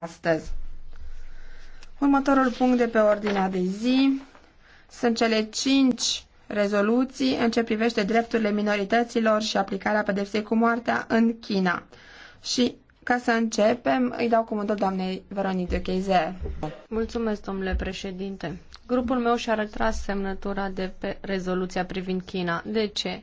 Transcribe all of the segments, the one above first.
astăzi. Următorul punct de pe ordinea de zi sunt cele cinci rezoluții în ce privește drepturile minorităților și aplicarea pedepsei cu moartea în China. Și ca să începem, îi dau cuvântul doamnei Veronica Cheizer. Mulțumesc, domnule președinte. Grupul meu și-a retras semnătura de pe rezoluția privind China. De ce?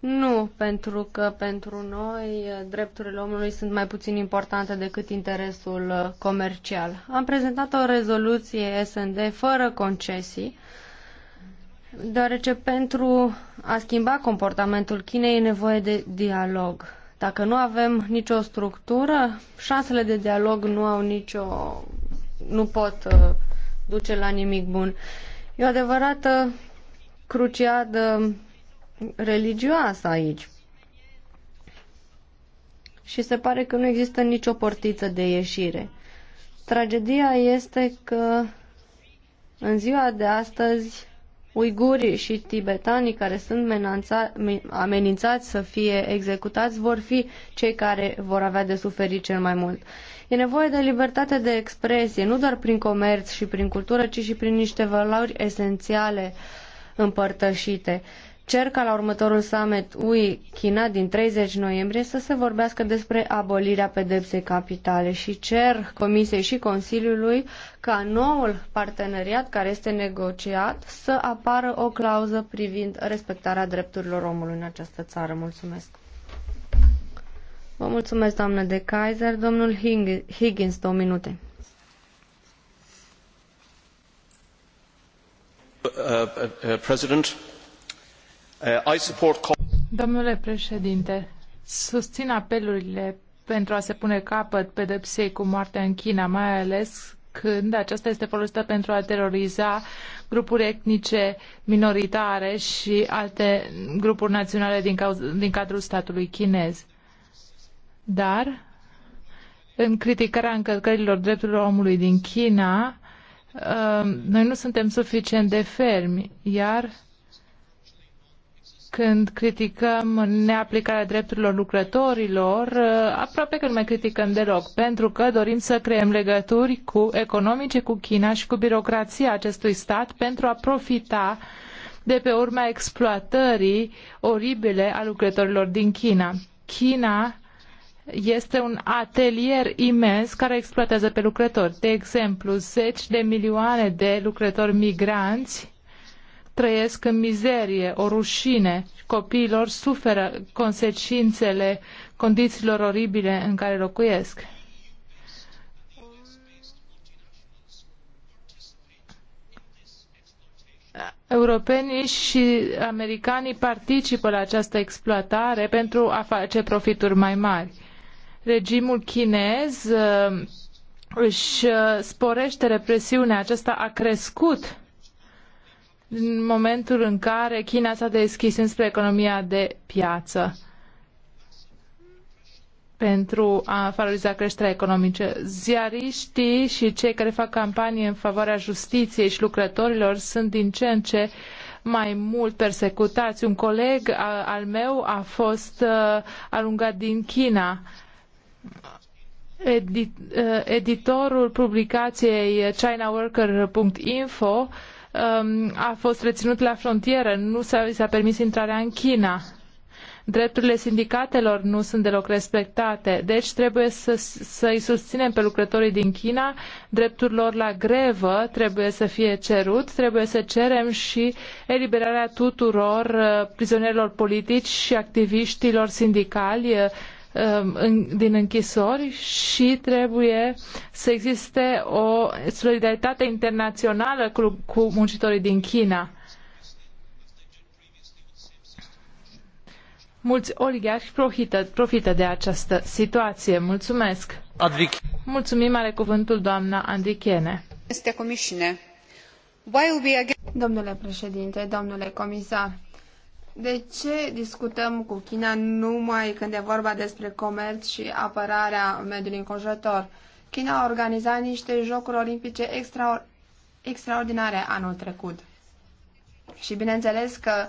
Nu, pentru că pentru noi eh, drepturile omului sunt mai puțin importante decât interesul eh, comercial. Am prezentat o rezoluție SND fără concesii, deoarece pentru a schimba comportamentul Chinei e nevoie de dialog. Dacă nu avem nicio structură, șansele de dialog nu au nicio nu pot eh, duce la nimic bun. E o adevărată cruciadă religioasă aici. Și se pare că nu există nicio portiță de ieșire. Tragedia este că în ziua de astăzi uigurii și tibetanii care sunt amenințați să fie executați vor fi cei care vor avea de suferit cel mai mult. E nevoie de libertate de expresie, nu doar prin comerț și prin cultură, ci și prin niște valori esențiale împărtășite. Cer ca la următorul summit UE-China din 30 noiembrie să se vorbească despre abolirea pedepsei capitale și cer Comisiei și Consiliului ca noul parteneriat care este negociat să apară o clauză privind respectarea drepturilor omului în această țară. Mulțumesc! Vă mulțumesc, doamnă de Kaiser. Domnul Higgins, două minute. Uh, uh, President. Uh, Domnule președinte, susțin apelurile pentru a se pune capăt pedepsei cu moartea în China, mai ales când aceasta este folosită pentru a teroriza grupuri etnice minoritare și alte grupuri naționale din, din cadrul statului chinez. Dar, în criticarea încălcărilor drepturilor omului din China, uh, noi nu suntem suficient de fermi, iar când criticăm neaplicarea drepturilor lucrătorilor, uh, aproape că nu mai criticăm deloc, pentru că dorim să creăm legături cu economice cu China și cu birocrația acestui stat pentru a profita de pe urma exploatării oribile a lucrătorilor din China. China este un atelier imens care exploatează pe lucrători. De exemplu, zeci de milioane de lucrători migranți trăiesc în mizerie, o rușine. Copiilor suferă consecințele condițiilor oribile în care locuiesc. Europenii și americanii participă la această exploatare pentru a face profituri mai mari. Regimul chinez uh, își uh, sporește represiunea, aceasta a crescut în momentul în care China s-a deschis înspre economia de piață pentru a favoriza creșterea economică. Ziariștii și cei care fac campanie în favoarea justiției și lucrătorilor sunt din ce în ce mai mult persecutați. Un coleg al meu a fost uh, alungat din China. Edit, uh, editorul publicației ChinaWorker.info Um, a fost reținut la frontieră, nu s-a, s-a permis intrarea în China. Drepturile sindicatelor nu sunt deloc respectate, deci trebuie să, să îi susținem pe lucrătorii din China, dreptul lor la grevă trebuie să fie cerut, trebuie să cerem și eliberarea tuturor uh, prizonierilor politici și activiștilor sindicali uh, Um, din închisori și trebuie să existe o solidaritate internațională cu, cu muncitorii din China. Mulți oligarhi profită, profită de această situație. Mulțumesc! Advic. Mulțumim, are cuvântul doamna Andrichene. Este comisie. Domnule președinte, domnule comisar, de ce discutăm cu China numai când e vorba despre comerț și apărarea mediului înconjurător? China a organizat niște jocuri olimpice extra, extraordinare anul trecut. Și bineînțeles că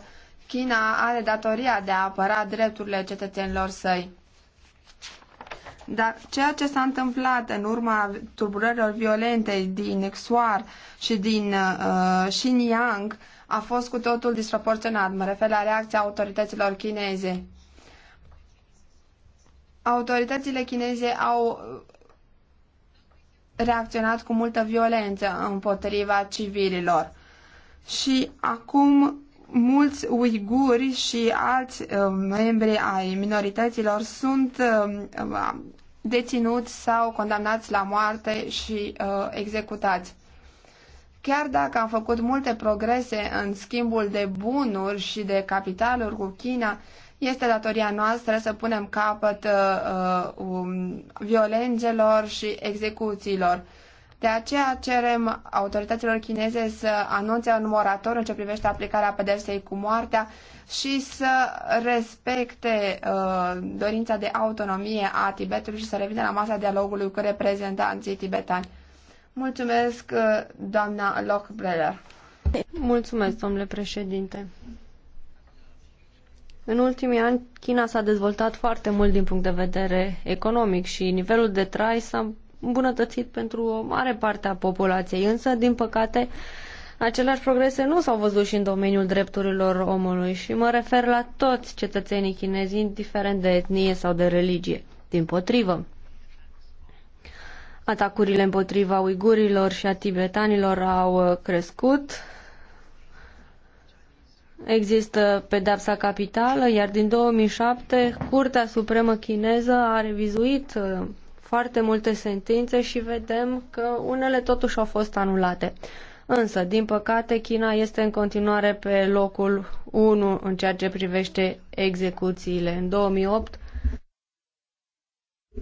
China are datoria de a apăra drepturile cetățenilor săi. Dar ceea ce s-a întâmplat în urma turburărilor violente din Xuar și din uh, Xinjiang a fost cu totul disproporționat. Mă refer la reacția autorităților chineze. Autoritățile chineze au reacționat cu multă violență împotriva civililor. Și acum mulți uiguri și alți uh, membri ai minorităților sunt uh, deținuți sau condamnați la moarte și uh, executați. Chiar dacă am făcut multe progrese în schimbul de bunuri și de capitaluri cu China, este datoria noastră să punem capăt uh, um, violențelor și execuțiilor. De aceea cerem autorităților chineze să anunțe un morator în ce privește aplicarea pedepsei cu moartea și să respecte uh, dorința de autonomie a Tibetului și să revină la masa dialogului cu reprezentanții tibetani. Mulțumesc, uh, doamna Lochbreller. Mulțumesc, domnule președinte. În ultimii ani, China s-a dezvoltat foarte mult din punct de vedere economic și nivelul de trai s-a îmbunătățit pentru o mare parte a populației, însă, din păcate, aceleași progrese nu s-au văzut și în domeniul drepturilor omului și mă refer la toți cetățenii chinezi, indiferent de etnie sau de religie. Din potrivă, Atacurile împotriva uigurilor și a tibetanilor au uh, crescut. Există pedepsa capitală, iar din 2007 Curtea Supremă Chineză a revizuit uh, foarte multe sentințe și vedem că unele totuși au fost anulate. Însă, din păcate, China este în continuare pe locul 1 în ceea ce privește execuțiile. În 2008,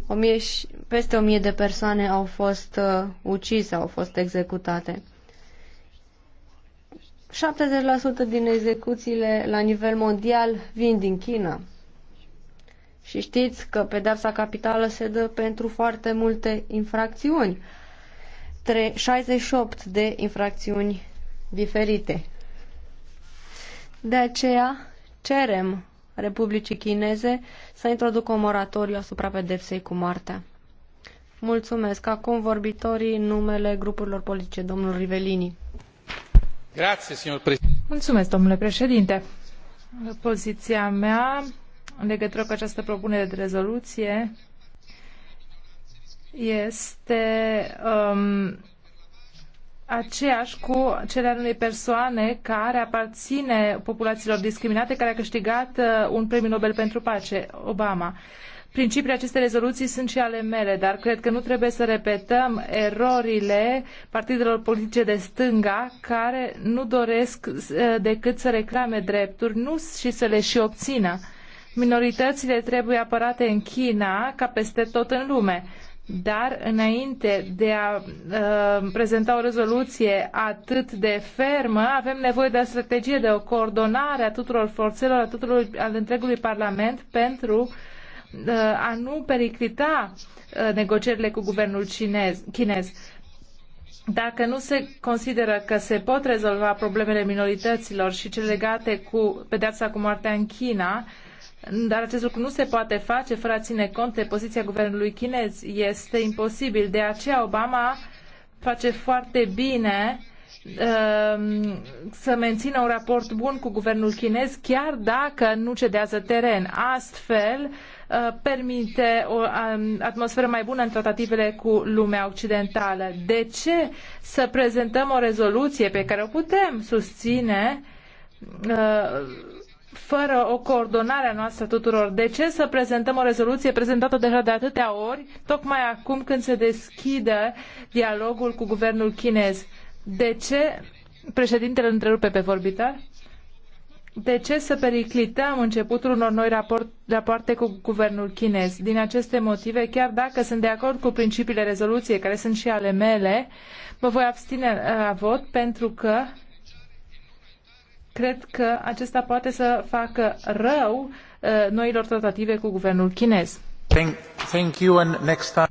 o mie și, peste o mie de persoane au fost uh, ucise, au fost executate. 70% din execuțiile la nivel mondial vin din China. Și știți că pedepsa capitală se dă pentru foarte multe infracțiuni. 68 de infracțiuni diferite. De aceea cerem Republicii Chineze să introducă un moratoriu asupra pedepsei cu moartea. Mulțumesc. Acum vorbitorii în numele grupurilor politice. Domnul Rivelini. Grazie, Mulțumesc, domnule președinte. Poziția mea în legătură cu această propunere de rezoluție este um, aceeași cu cele ale unei persoane care aparține populațiilor discriminate, care a câștigat uh, un premiu Nobel pentru pace, Obama. Principiile acestei rezoluții sunt și ale mele, dar cred că nu trebuie să repetăm erorile partidelor politice de stânga care nu doresc uh, decât să reclame drepturi nu și să le și obțină. Minoritățile trebuie apărate în China ca peste tot în lume dar înainte de a uh, prezenta o rezoluție atât de fermă, avem nevoie de o strategie, de o coordonare a tuturor forțelor, a tuturor, al întregului Parlament pentru uh, a nu periclita uh, negocierile cu guvernul cinez, chinez. Dacă nu se consideră că se pot rezolva problemele minorităților și cele legate cu pedeapsa cu moartea în China, uh, dar acest lucru nu se poate face fără a ține cont de poziția guvernului chinez. Este imposibil. De aceea Obama face foarte bine um, să mențină un raport bun cu guvernul chinez, chiar dacă nu cedează teren. Astfel, uh, permite o um, atmosferă mai bună în tratativele cu lumea occidentală. De ce să prezentăm o rezoluție pe care o putem susține uh, fără o coordonare a noastră tuturor. De ce să prezentăm o rezoluție prezentată deja de atâtea ori, tocmai acum când se deschide dialogul cu guvernul chinez? De ce președintele întrerupe pe vorbitar? De ce să periclităm începutul unor noi raport, rapoarte cu guvernul chinez? Din aceste motive, chiar dacă sunt de acord cu principiile rezoluției, care sunt și ale mele, mă voi abține uh, la vot pentru că Cred că acesta poate să facă rău uh, noilor tratative cu guvernul chinez. Thank, thank you and next time.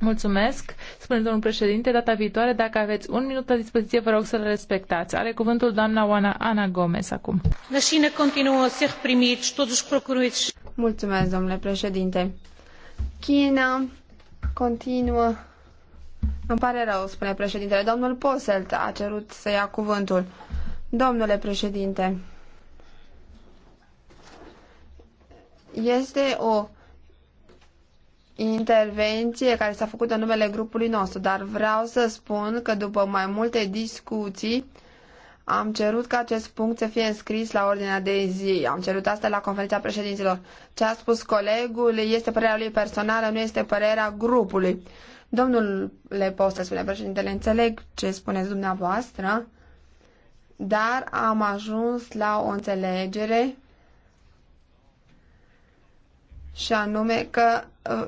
Mulțumesc, spune domnul președinte. Data viitoare, dacă aveți un minut la dispoziție, vă rog să-l respectați. Are cuvântul doamna Oana Ana Gomes acum. China continuă Mulțumesc, domnule președinte. China continuă. Îmi pare rău, spune președintele. Domnul Poselt a cerut să ia cuvântul. Domnule președinte, este o intervenție care s-a făcut în numele grupului nostru, dar vreau să spun că după mai multe discuții am cerut ca acest punct să fie înscris la ordinea de zi. Am cerut asta la conferința președinților. Ce a spus colegul este părerea lui personală, nu este părerea grupului. Domnule Postă, spune președintele, înțeleg ce spuneți dumneavoastră, dar am ajuns la o înțelegere și anume că uh,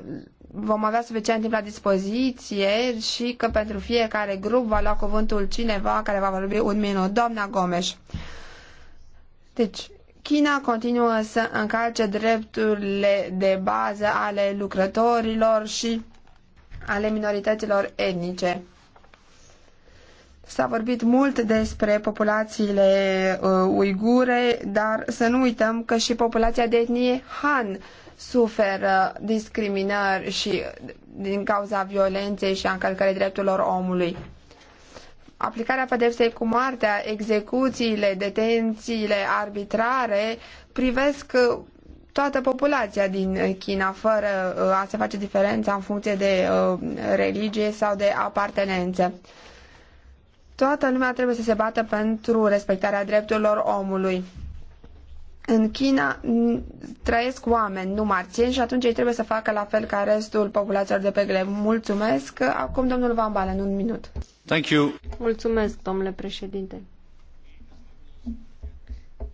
vom avea suficient timp la dispoziție și că pentru fiecare grup va lua cuvântul cineva care va vorbi un minut. Doamna Gomes. Deci, China continuă să încalce drepturile de bază ale lucrătorilor și ale minorităților etnice. S-a vorbit mult despre populațiile uh, uigure, dar să nu uităm că și populația de etnie Han suferă discriminări și uh, din cauza violenței și a încălcării drepturilor omului. Aplicarea pedepsei cu moartea, execuțiile, detențiile arbitrare privesc uh, toată populația din China, fără uh, a se face diferența în funcție de religie sau de apartenență. Toată lumea trebuie să se bată pentru respectarea drepturilor omului. În China trăiesc oameni, nu marțieni, și atunci ei trebuie să facă la fel ca restul populațiilor de pe gleb. Mulțumesc. Acum domnul Van Balen, un minut. Thank you. Mulțumesc, domnule președinte.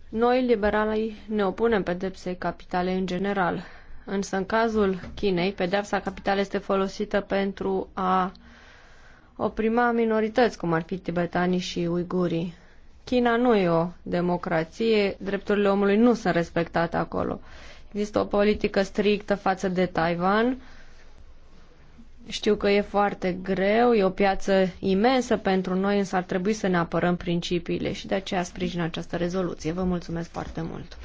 Noi, liberalii, ne opunem pedepsei capitale în general. Însă, în cazul Chinei, pedepsa capitală este folosită pentru a oprima minorități, cum ar fi tibetanii și uigurii. China nu e o democrație, drepturile omului nu sunt respectate acolo. Există o politică strictă față de Taiwan. Știu că e foarte greu, e o piață imensă pentru noi, însă ar trebui să ne apărăm principiile și de aceea sprijin această rezoluție. Vă mulțumesc foarte mult!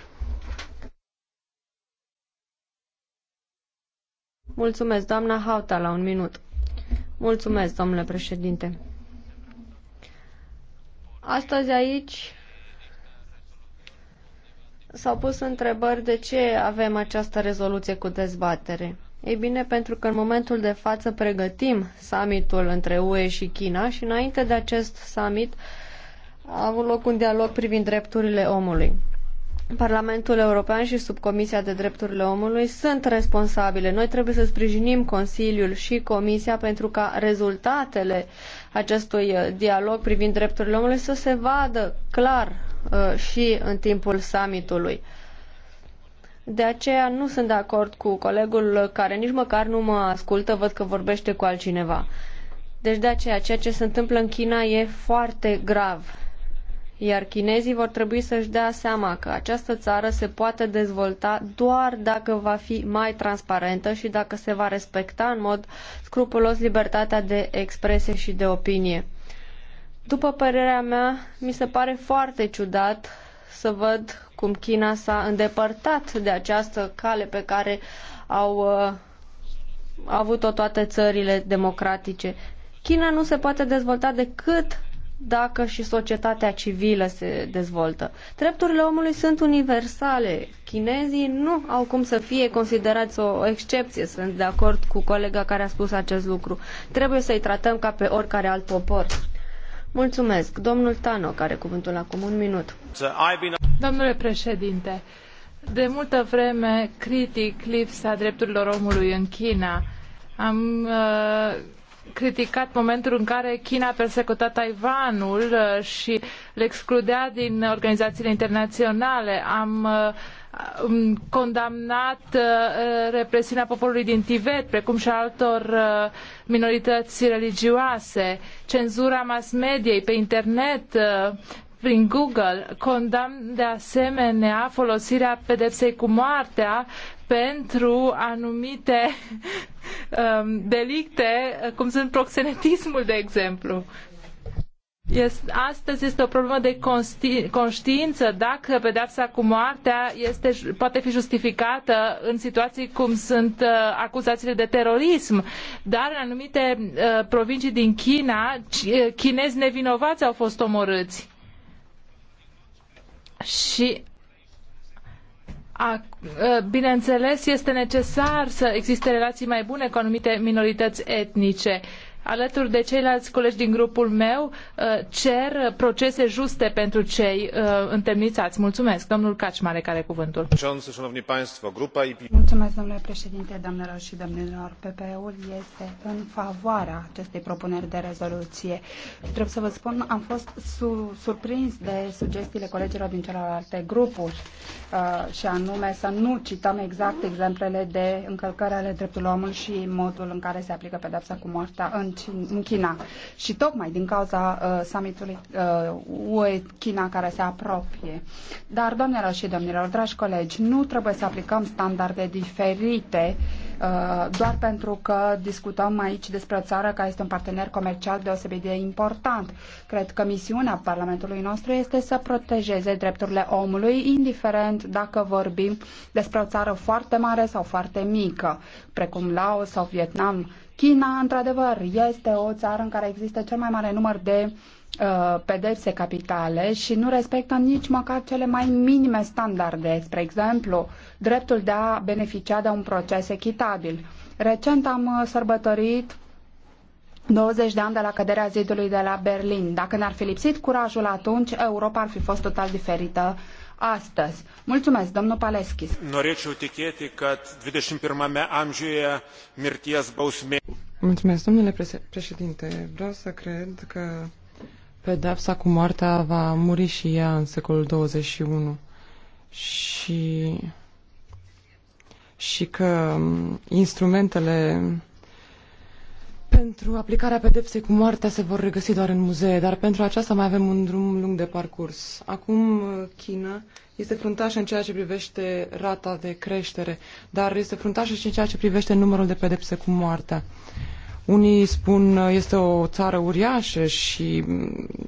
Mulțumesc, doamna Hauta, la un minut. Mulțumesc, domnule președinte. Astăzi aici s-au pus întrebări de ce avem această rezoluție cu dezbatere. Ei bine, pentru că în momentul de față pregătim summitul între UE și China și înainte de acest summit a avut loc un dialog privind drepturile omului. Parlamentul European și Subcomisia de Drepturile Omului sunt responsabile. Noi trebuie să sprijinim Consiliul și Comisia pentru ca rezultatele acestui uh, dialog privind drepturile omului să se vadă clar uh, și în timpul summitului. De aceea nu sunt de acord cu colegul care nici măcar nu mă ascultă, văd că vorbește cu altcineva. Deci de aceea ceea ce se întâmplă în China e foarte grav iar chinezii vor trebui să-și dea seama că această țară se poate dezvolta doar dacă va fi mai transparentă și dacă se va respecta în mod scrupulos libertatea de expresie și de opinie. După părerea mea, mi se pare foarte ciudat să văd cum China s-a îndepărtat de această cale pe care au uh, avut-o toate țările democratice. China nu se poate dezvolta decât dacă și societatea civilă se dezvoltă. Drepturile omului sunt universale. Chinezii nu au cum să fie considerați o excepție. Sunt de acord cu colega care a spus acest lucru. Trebuie să-i tratăm ca pe oricare alt popor. Mulțumesc. Domnul Tano, care cuvântul acum un minut. Domnule președinte, de multă vreme critic lipsa drepturilor omului în China. Am uh criticat momentul în care China a persecutat Taiwanul uh, și le excludea din organizațiile internaționale. Am uh, condamnat uh, represiunea poporului din Tibet, precum și a altor minorități religioase, cenzura mass mediei pe internet, prin Google. Condamn de asemenea folosirea pedepsei cu moartea pentru anumite Um, delicte, cum sunt proxenetismul, de exemplu. Este, astăzi este o problemă de conștiință dacă pedeapsa cu moartea este, poate fi justificată în situații cum sunt uh, acuzațiile de terorism, dar în anumite uh, provincii din China, uh, chinezi nevinovați au fost omorâți. Și a, ă, bineînțeles, este necesar să existe relații mai bune cu anumite minorități etnice alături de ceilalți colegi din grupul meu, uh, cer procese juste pentru cei uh, întemnițați. Mulțumesc. Domnul Cacimare care cuvântul. Mulțumesc, domnule președinte, doamnelor și domnilor. PPE-ul este în favoarea acestei propuneri de rezoluție. Trebuie să vă spun, am fost su surprins de sugestiile colegilor din celelalte grupuri uh, și anume să nu cităm exact exemplele de încălcări ale drepturilor omului și modul în care se aplică pedepsa cu moartea în în, China. Și tocmai din cauza uh, summitului uh, UE-China care se apropie. Dar, doamnelor și domnilor, dragi colegi, nu trebuie să aplicăm standarde diferite uh, Uh, doar pentru că discutăm aici despre o țară care este un partener comercial deosebit de important. Cred că misiunea Parlamentului nostru este să protejeze drepturile omului, indiferent dacă vorbim despre o țară foarte mare sau foarte mică, precum Laos sau Vietnam. China, într-adevăr, este o țară în care există cel mai mare număr de uh, Uh, pedepse capitale și nu respectă nici măcar cele mai minime standarde, spre exemplu, dreptul de a beneficia de un proces echitabil. Recent am uh, sărbătorit 20 de ani de la căderea zidului de la Berlin. Dacă ne-ar fi lipsit curajul atunci, Europa ar fi fost total diferită astăzi. Mulțumesc, domnul Paleschis. Norėčiau tikėti, că 21-ame amjuie mirties Bausme. Mulțumesc, domnule președinte. Vreau să cred că pedapsa cu moartea va muri și ea în secolul 21 și, și că instrumentele pentru aplicarea pedepsei cu moartea se vor regăsi doar în muzee, dar pentru aceasta mai avem un drum lung de parcurs. Acum China este fruntașă în ceea ce privește rata de creștere, dar este fruntașă și în ceea ce privește numărul de pedepse cu moartea. Unii spun este o țară uriașă și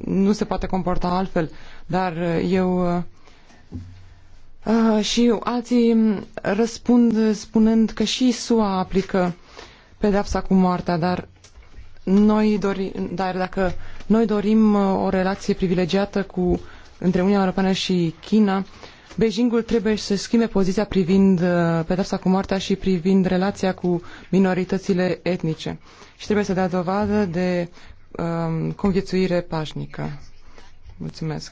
nu se poate comporta altfel, dar eu uh, uh, și alții răspund spunând că și SUA aplică pedepsa cu moartea, dar noi dorim, dar dacă noi dorim o relație privilegiată cu între Uniunea Europeană și China, Beijingul trebuie să schimbe poziția privind uh, pedepsa cu moartea și privind relația cu minoritățile etnice și trebuie să dea dovadă de um, conviețuire pașnică. Mulțumesc.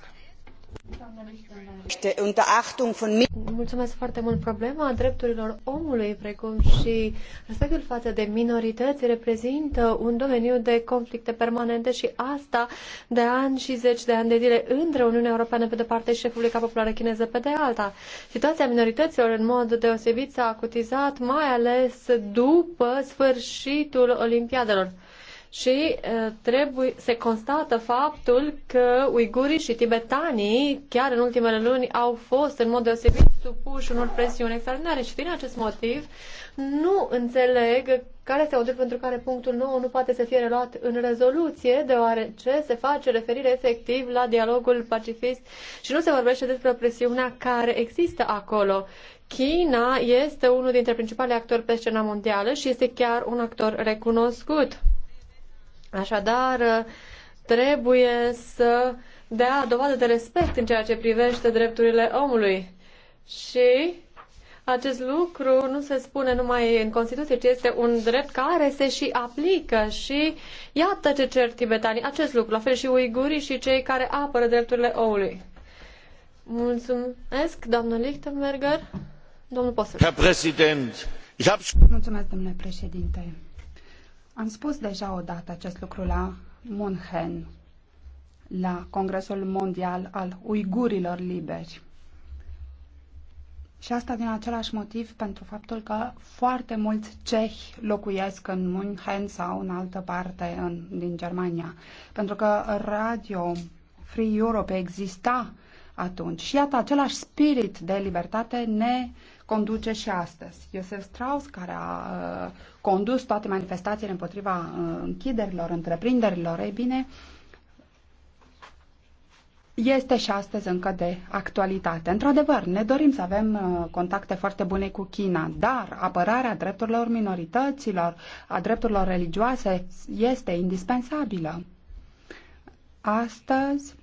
Problema drepturilor omului, precum și respectul față de minorități, reprezintă un domeniu de conflicte permanente și asta de ani și zeci de ani de zile între Uniunea Europeană pe de parte și Republica Populară Chineză pe de alta. Situația minorităților în mod deosebit s-a acutizat mai ales după sfârșitul Olimpiadelor și trebuie, se constată faptul că uigurii și tibetanii, chiar în ultimele luni, au fost în mod deosebit supuși unor presiuni extraordinare și din acest motiv nu înțeleg care este motivul pentru care punctul 9 nu poate să fie reluat în rezoluție, deoarece se face referire efectiv la dialogul pacifist și nu se vorbește despre presiunea care există acolo. China este unul dintre principalii actori pe scena mondială și este chiar un actor recunoscut. Așadar, trebuie să dea dovadă de respect în ceea ce privește drepturile omului. Și acest lucru nu se spune numai în Constituție, ci este un drept care se și aplică și iată ce cer tibetanii acest lucru, la fel și uigurii și cei care apără drepturile omului. Mulțumesc, doamnă Lichtenberger. Domnul Posel. Mulțumesc, domnule președinte. Am spus deja odată acest lucru la Munchen, la Congresul Mondial al Uigurilor Liberi. Și asta din același motiv pentru faptul că foarte mulți cehi locuiesc în München sau în altă parte în, din Germania. Pentru că Radio Free Europe exista atunci. Și iată, același spirit de libertate ne conduce și astăzi. Iosef Strauss, care a uh, condus toate manifestațiile împotriva uh, închiderilor, întreprinderilor, ei bine, este și astăzi încă de actualitate. Într-adevăr, ne dorim să avem uh, contacte foarte bune cu China, dar apărarea drepturilor minorităților, a drepturilor religioase este indispensabilă. Astăzi,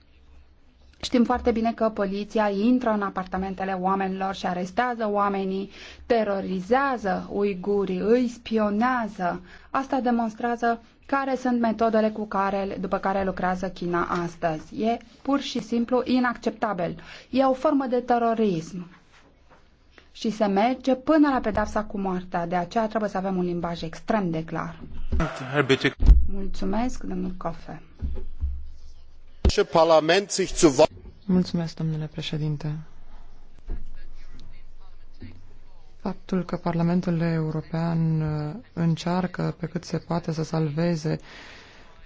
Știm foarte bine că poliția intră în apartamentele oamenilor și arestează oamenii, terorizează uigurii, îi spionează. Asta demonstrează care sunt metodele cu care, după care lucrează China astăzi. E pur și simplu inacceptabil. E o formă de terorism. Și se merge până la pedapsa cu moartea. De aceea trebuie să avem un limbaj extrem de clar. Mulțumesc, domnul Cofe. parlament sich zu Mulțumesc, domnule președinte. Faptul că Parlamentul European uh, încearcă pe cât se poate să salveze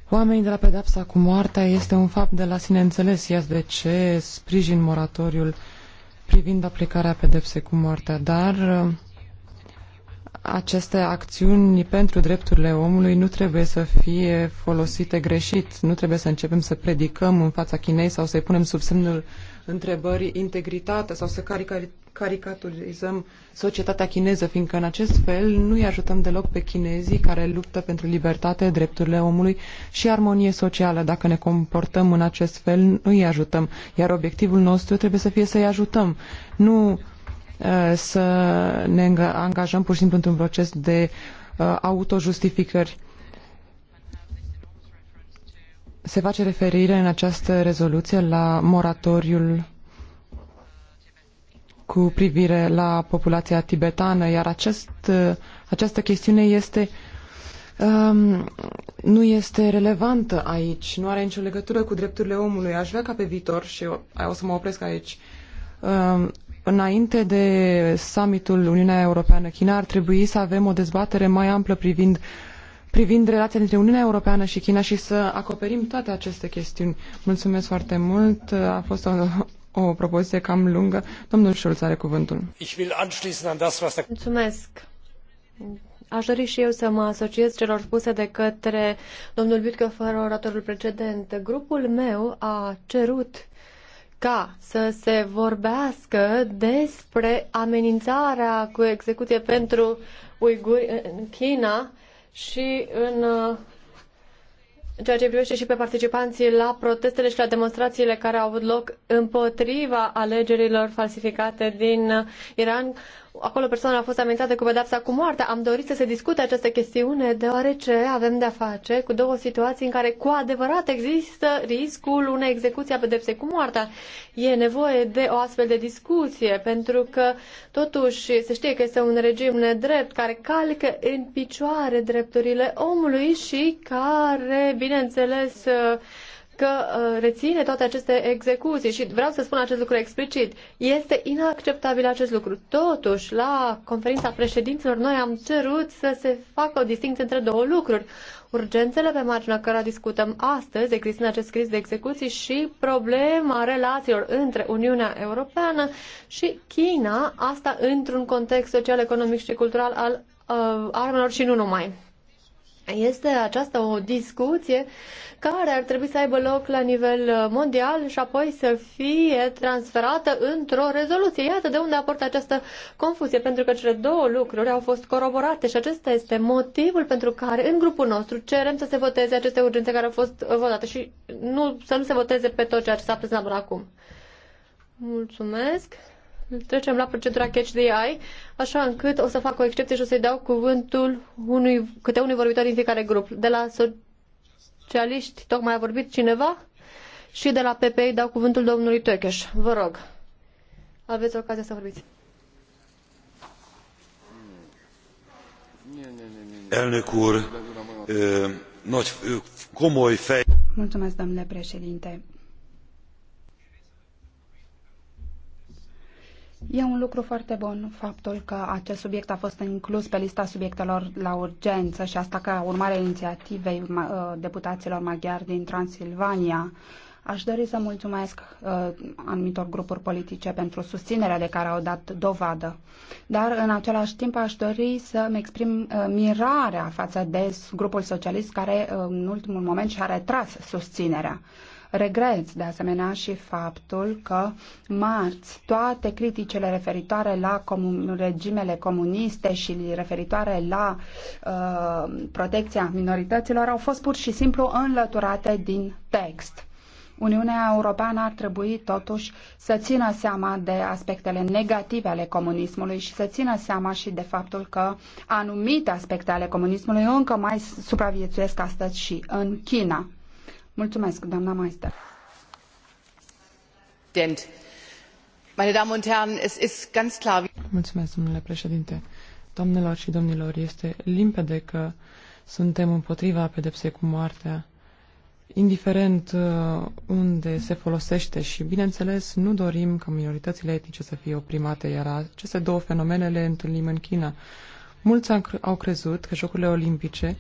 oamenii de la pedapsa cu moartea este un fapt de la sine înțeles. Iați de ce sprijin moratoriul privind aplicarea pedepsei cu moartea. Dar uh, aceste acțiuni pentru drepturile omului nu trebuie să fie folosite greșit. Nu trebuie să începem să predicăm în fața Chinei sau să-i punem sub semnul întrebării integritatea sau să caricaturizăm societatea chineză, fiindcă în acest fel nu îi ajutăm deloc pe chinezii care luptă pentru libertate, drepturile omului și armonie socială. Dacă ne comportăm în acest fel, nu îi ajutăm. Iar obiectivul nostru trebuie să fie să-i ajutăm. Nu Uh, să ne angajăm pur și simplu într-un proces de uh, autojustificări. Se face referire în această rezoluție la moratoriul cu privire la populația tibetană, iar acest, uh, această chestiune este um, nu este relevantă aici, nu are nicio legătură cu drepturile omului. Aș vrea ca pe viitor, și o, o să mă opresc aici, um, înainte de summitul Uniunea Europeană-China ar trebui să avem o dezbatere mai amplă privind privind relația dintre Uniunea Europeană și China și să acoperim toate aceste chestiuni. Mulțumesc foarte mult. A fost o, o propoziție cam lungă. Domnul Șulț are cuvântul. Mulțumesc. Aș dori și eu să mă asociez celor spuse de către domnul Bütke, fără oratorul precedent. Grupul meu a cerut ca să se vorbească despre amenințarea cu execuție pentru uiguri în China și în uh, ceea ce privește și pe participanții la protestele și la demonstrațiile care au avut loc împotriva alegerilor falsificate din uh, Iran, acolo persoana a fost amenințată cu pedapsa cu moartea. Am dorit să se discute această chestiune deoarece avem de-a face cu două situații în care cu adevărat există riscul unei execuții a pedepsei cu moartea. E nevoie de o astfel de discuție pentru că totuși se știe că este un regim nedrept care calcă în picioare drepturile omului și care, bineînțeles, că uh, reține toate aceste execuții și vreau să spun acest lucru explicit. Este inacceptabil acest lucru. Totuși, la conferința președinților, noi am cerut să se facă o distinție între două lucruri. Urgențele pe marginea care discutăm astăzi, există în acest scris de execuții și problema relațiilor între Uniunea Europeană și China, asta într-un context social, economic și cultural al uh, armelor și nu numai. Este aceasta o discuție care ar trebui să aibă loc la nivel mondial și apoi să fie transferată într-o rezoluție. Iată de unde aportă această confuzie, pentru că cele două lucruri au fost coroborate și acesta este motivul pentru care în grupul nostru cerem să se voteze aceste urgențe care au fost votate și nu, să nu se voteze pe tot ceea ce s-a prezentat până acum. Mulțumesc. Trecem la procedura catch the eye, așa încât o să fac o excepție și o să-i dau cuvântul unui, câte unui vorbitor din fiecare grup. De la socialiști tocmai a vorbit cineva și de la PPI dau cuvântul domnului Tökeș. Vă rog, aveți ocazia să vorbiți. Elnök úr, nagy komoly fej... Mulțumesc, domnule președinte. E un lucru foarte bun faptul că acest subiect a fost inclus pe lista subiectelor la urgență și asta ca urmare a inițiativei uh, deputaților maghiari din Transilvania. Aș dori să mulțumesc uh, anumitor grupuri politice pentru susținerea de care au dat dovadă, dar în același timp aș dori să-mi exprim uh, mirarea față de grupul socialist care uh, în ultimul moment și-a retras susținerea. Uh, Regret de asemenea și faptul că marți toate criticele referitoare la comun, regimele comuniste și referitoare la uh, protecția minorităților au fost pur și simplu înlăturate din text. Uniunea Europeană ar trebui totuși să țină seama de aspectele negative ale comunismului și să țină seama și de faptul că anumite aspecte ale comunismului încă mai supraviețuiesc astăzi și în China. Mulțumesc, domnule președinte. Doamnelor și domnilor, este limpede că suntem împotriva pedepsei cu moartea, indiferent uh, unde se folosește și, bineînțeles, nu dorim ca minoritățile etnice să fie oprimate, iar aceste două fenomene le întâlnim în China. Mulți au crezut că Jocurile Olimpice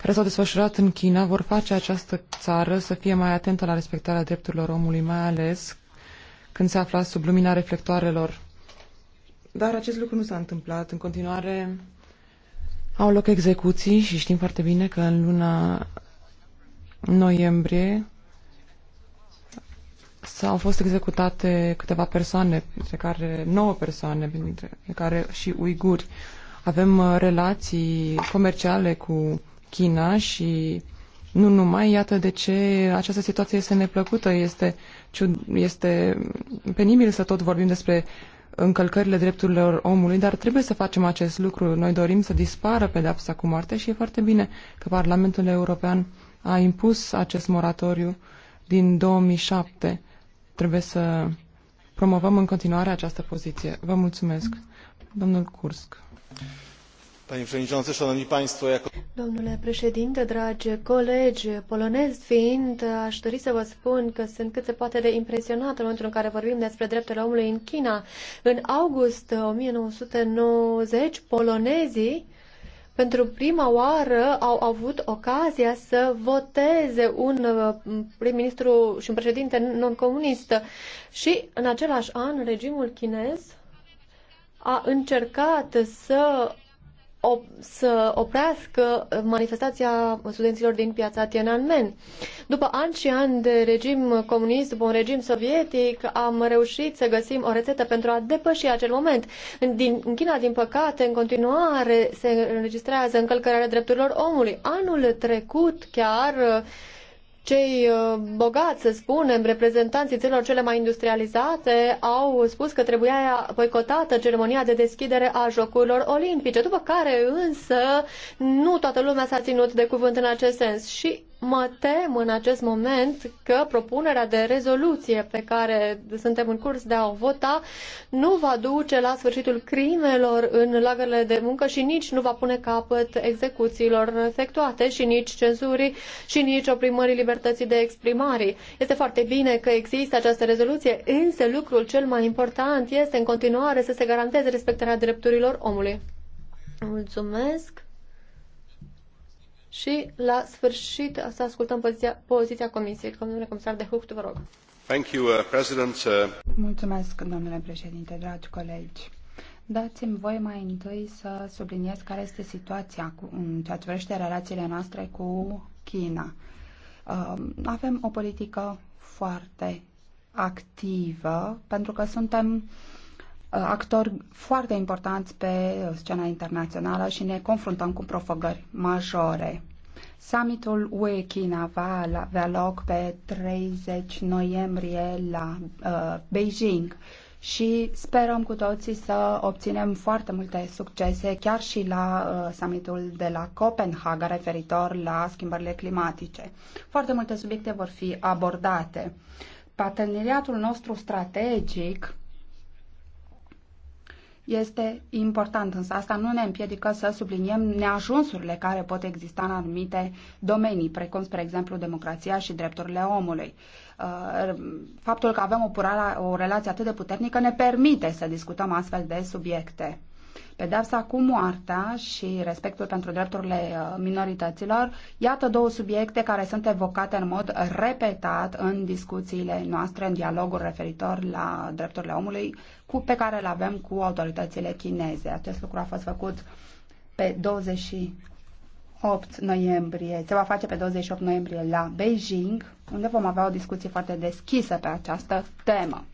care s-au desfășurat în China vor face această țară să fie mai atentă la respectarea drepturilor omului, mai ales când se afla sub lumina reflectoarelor. Dar acest lucru nu s-a întâmplat. În continuare au loc execuții și știm foarte bine că în luna noiembrie s au fost executate câteva persoane, dintre care nouă persoane, dintre care și uiguri. Avem uh, relații comerciale cu China și nu numai, iată de ce această situație este neplăcută, este, este penibil să tot vorbim despre încălcările drepturilor omului, dar trebuie să facem acest lucru. Noi dorim să dispară pedepsa cu moarte și e foarte bine că Parlamentul European a impus acest moratoriu din 2007. Trebuie să promovăm în continuare această poziție. Vă mulțumesc. Domnul Kursk. Domnule președinte, dragi colegi, polonez fiind, aș dori să vă spun că sunt cât se poate de impresionat în momentul în care vorbim despre drepturile omului în China. În august 1990, polonezii pentru prima oară au avut ocazia să voteze un uh, prim-ministru și un președinte non-comunist și în același an regimul chinez a încercat să op- să oprească manifestația studenților din piața Tiananmen. După ani și ani de regim comunist, după un regim sovietic, am reușit să găsim o rețetă pentru a depăși acel moment. Din, în China, din păcate, în continuare se înregistrează încălcarea drepturilor omului. Anul trecut chiar cei uh, bogați, să spunem, reprezentanții țărilor cele mai industrializate, au spus că trebuia boicotată ceremonia de deschidere a Jocurilor Olimpice, după care însă nu toată lumea s-a ținut de cuvânt în acest sens. Și Mă tem în acest moment că propunerea de rezoluție pe care suntem în curs de a o vota nu va duce la sfârșitul crimelor în lagările de muncă și nici nu va pune capăt execuțiilor efectuate și nici cenzurii și nici oprimării libertății de exprimare. Este foarte bine că există această rezoluție, însă lucrul cel mai important este în continuare să se garanteze respectarea drepturilor omului. Mulțumesc! și la sfârșit să ascultăm poziția, poziția Comisiei. Domnule comisar de Hucht, vă rog. Thank you, uh, President. Uh, Mulțumesc, domnule președinte, dragi colegi. Dați-mi voi mai întâi să subliniez care este situația cu, în ceea ce privește relațiile noastre cu China. Uh, avem o politică foarte activă pentru că suntem uh, Uh, actori foarte importanți pe uh, scena internațională și ne confruntăm cu provocări majore. Summitul UE-China va avea loc pe 30 noiembrie la uh, Beijing și sperăm cu toții să obținem foarte multe succese, chiar și la uh, summitul de la Copenhaga referitor la schimbările climatice. Foarte multe subiecte vor fi abordate. Parteneriatul nostru strategic este important, însă asta nu ne împiedică să subliniem neajunsurile care pot exista în anumite domenii, precum, spre exemplu, democrația și drepturile omului. Uh, faptul că avem o, purala, o relație atât de puternică ne permite să discutăm astfel de subiecte. Pedeapsa cu moartea și respectul pentru drepturile uh, minorităților, iată două subiecte care sunt evocate în mod repetat în discuțiile noastre, în dialogul referitor la drepturile omului cu, pe care le avem cu autoritățile chineze. Acest lucru a fost făcut pe 28 noiembrie, se va face pe 28 noiembrie la Beijing, unde vom avea o discuție foarte deschisă pe această temă.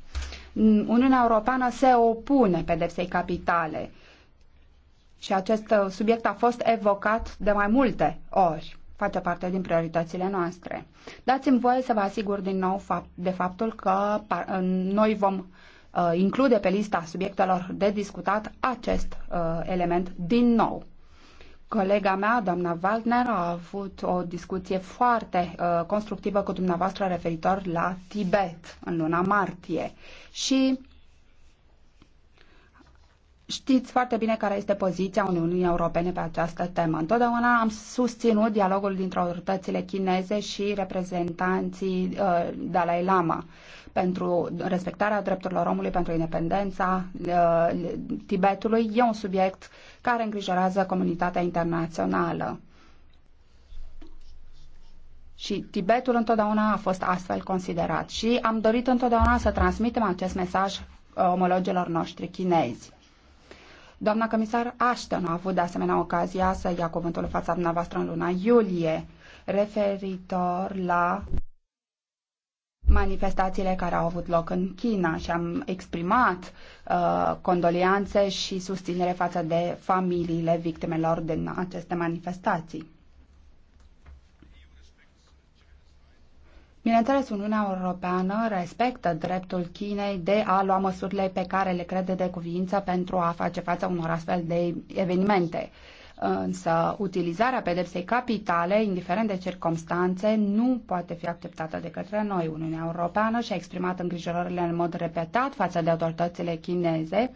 Uniunea Europeană se opune pedepsei capitale și acest uh, subiect a fost evocat de mai multe ori. Face parte din prioritățile noastre. Dați-mi voie să vă asigur din nou de faptul că uh, noi vom uh, include pe lista subiectelor de discutat acest element din nou. Colega mea, doamna Wagner, a avut o discuție foarte uh, constructivă cu dumneavoastră referitor la Tibet în luna martie și Știți foarte bine care este poziția Uniunii Europene pe această temă. Întotdeauna am susținut dialogul dintre autoritățile chineze și reprezentanții uh, Dalai Lama pentru respectarea drepturilor omului, pentru independența uh, Tibetului. E un subiect care îngrijorează comunitatea internațională. Și Tibetul întotdeauna a fost astfel considerat și am dorit întotdeauna să transmitem acest mesaj uh, omologilor noștri chinezi. Doamna comisar Ashton a avut de asemenea ocazia să ia cuvântul în fața dumneavoastră în luna iulie referitor la manifestațiile care au avut loc în China și am exprimat uh, condolianțe și susținere față de familiile victimelor din aceste manifestații. Bineînțeles, Uniunea Europeană respectă dreptul Chinei de a lua măsurile pe care le crede de cuvință pentru a face față unor astfel de evenimente. Însă, utilizarea pedepsei capitale, indiferent de circumstanțe, nu poate fi acceptată de către noi. Uniunea Europeană și-a exprimat îngrijorările în mod repetat față de autoritățile chineze,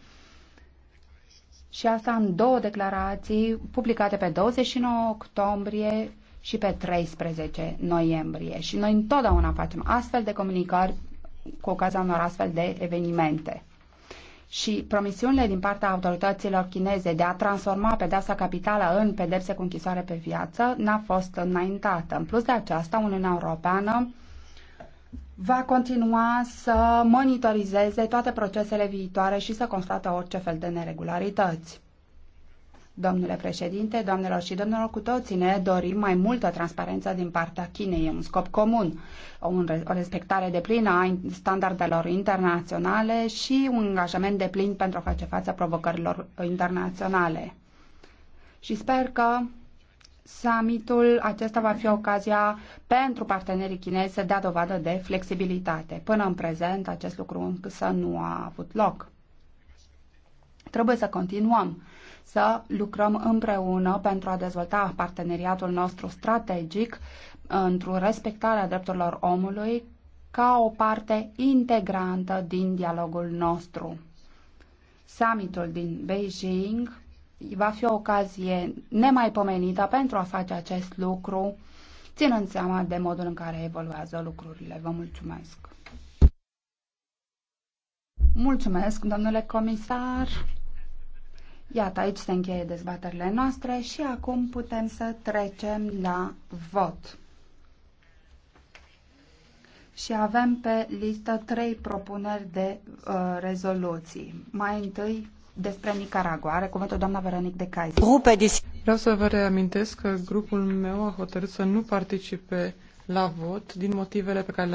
și asta în două declarații publicate pe 29 octombrie și pe 13 noiembrie. Și noi întotdeauna facem astfel de comunicări cu ocazia unor astfel de evenimente. Și promisiunile din partea autorităților chineze de a transforma pedeapsa capitală în pedepse cu închisoare pe viață n-a fost înaintată. În plus de aceasta, Uniunea Europeană va continua să monitorizeze toate procesele viitoare și să constate orice fel de neregularități. Domnule președinte, doamnelor și domnilor, cu toții ne dorim mai multă transparență din partea Chinei. E un scop comun, o respectare de plină a standardelor internaționale și un angajament de plin pentru a face față provocărilor internaționale. Și sper că summitul acesta va fi ocazia pentru partenerii chinezi să dea dovadă de flexibilitate. Până în prezent, acest lucru însă nu a avut loc. Trebuie să continuăm să lucrăm împreună pentru a dezvolta parteneriatul nostru strategic într-o respectare a drepturilor omului ca o parte integrantă din dialogul nostru. Summitul din Beijing va fi o ocazie nemaipomenită pentru a face acest lucru, ținând seama de modul în care evoluează lucrurile. Vă mulțumesc! Mulțumesc, domnule comisar! Iată, aici se încheie dezbaterile noastre și acum putem să trecem la vot. Și avem pe listă trei propuneri de uh, rezoluții. Mai întâi despre Nicaragua. Are cuvântul doamna Veronic de Caizi. Vreau să vă reamintesc că grupul meu a hotărât să nu participe la vot din motivele pe care le